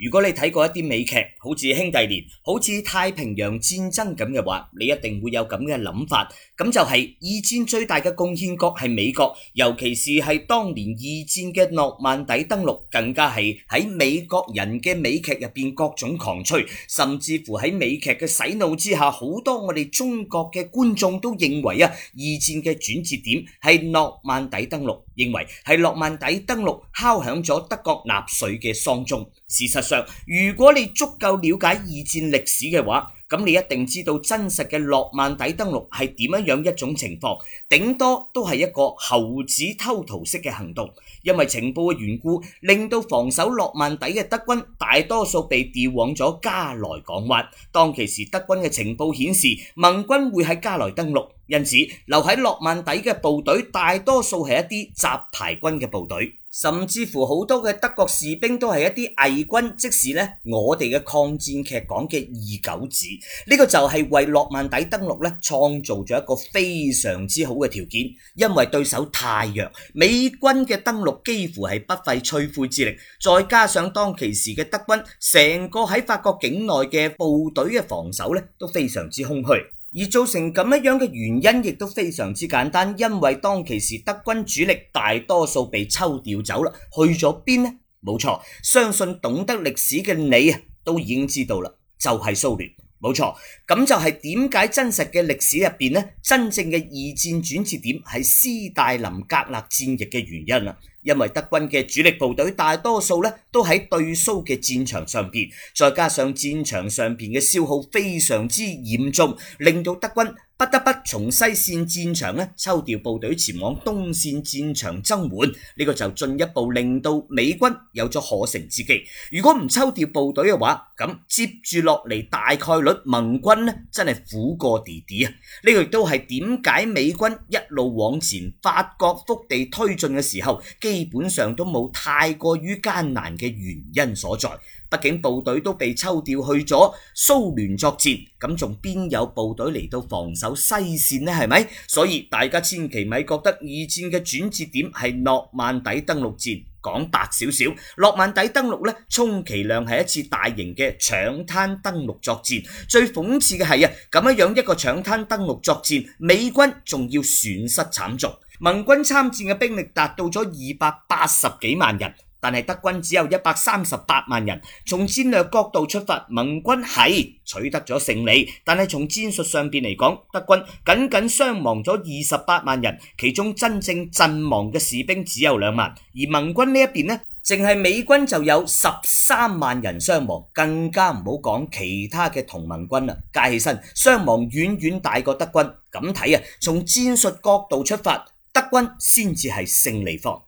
如果你睇過一啲美劇，好似《兄弟連》，好似《太平洋戰爭》咁嘅話，你一定會有咁嘅諗法，咁就係二戰最大嘅貢獻國係美國，尤其是係當年二戰嘅諾曼底登陸，更加係喺美國人嘅美劇入邊各種狂吹，甚至乎喺美劇嘅洗腦之下，好多我哋中國嘅觀眾都認為啊，二戰嘅轉折點係諾曼底登陸，認為係諾曼底登陸敲響咗德國納粹嘅喪鐘。事實上，如果你足夠了解二戰歷史嘅話，咁你一定知道真實嘅諾曼底登陸係點樣樣一種情況，頂多都係一個猴子偷桃式嘅行動。因為情報嘅緣故，令到防守諾曼底嘅德軍大多數被調往咗加來港灣。當其時，德軍嘅情報顯示盟軍會喺加來登陸，因此留喺諾曼底嘅部隊大多數係一啲雜牌軍嘅部隊，甚至乎好多嘅德國士兵都係一啲偽軍，即使呢，我哋嘅抗戰劇講嘅二九子。呢個就係為諾曼底登陸咧創造咗一個非常之好嘅條件，因為對手太弱，美軍嘅登陸幾乎係不費吹灰之力。再加上當其時嘅德軍成個喺法國境內嘅部隊嘅防守咧都非常之空虛，而造成咁樣樣嘅原因亦都非常之簡單，因為當其時德軍主力大多數被抽調走啦，去咗邊呢？冇錯，相信懂得歷史嘅你啊都已經知道啦，就係蘇聯。冇錯，咁就係點解真實嘅歷史入邊呢？真正嘅二戰轉折點係斯大林格勒戰役嘅原因啦。因為德軍嘅主力部隊大多數呢都喺對蘇嘅戰場上邊，再加上戰場上邊嘅消耗非常之嚴重，令到德軍，不得不從西線戰場咧抽調部隊前往東線戰場增援，呢個就進一步令到美軍有咗可乘之機。如果唔抽調部隊嘅話，咁接住落嚟大概率盟軍咧真係苦過弟弟啊！呢個亦都係點解美軍一路往前法國腹地推進嘅時候，基本上都冇太過於艱難嘅原因所在。畢竟部隊都被抽調去咗蘇聯作戰，咁仲邊有部隊嚟到防守西線呢？係咪？所以大家千祈咪覺得二戰嘅轉折點係諾曼底登陸戰。講白少少，諾曼底登陸呢，充其量係一次大型嘅搶灘登陸作戰。最諷刺嘅係啊，咁樣樣一個搶灘登陸作戰，美軍仲要損失慘重，盟軍參戰嘅兵力達到咗二百八十幾萬人。但係德軍只有一百三十八萬人，從戰略角度出發，盟軍係取得咗勝利。但係從戰術上邊嚟講，德軍僅僅傷亡咗二十八萬人，其中真正陣亡嘅士兵只有兩萬，而盟軍呢一邊呢，淨係美軍就有十三萬人傷亡，更加唔好講其他嘅同盟軍啦，加起身傷亡遠遠大過德軍。咁睇啊，從戰術角度出發，德軍先至係勝利方。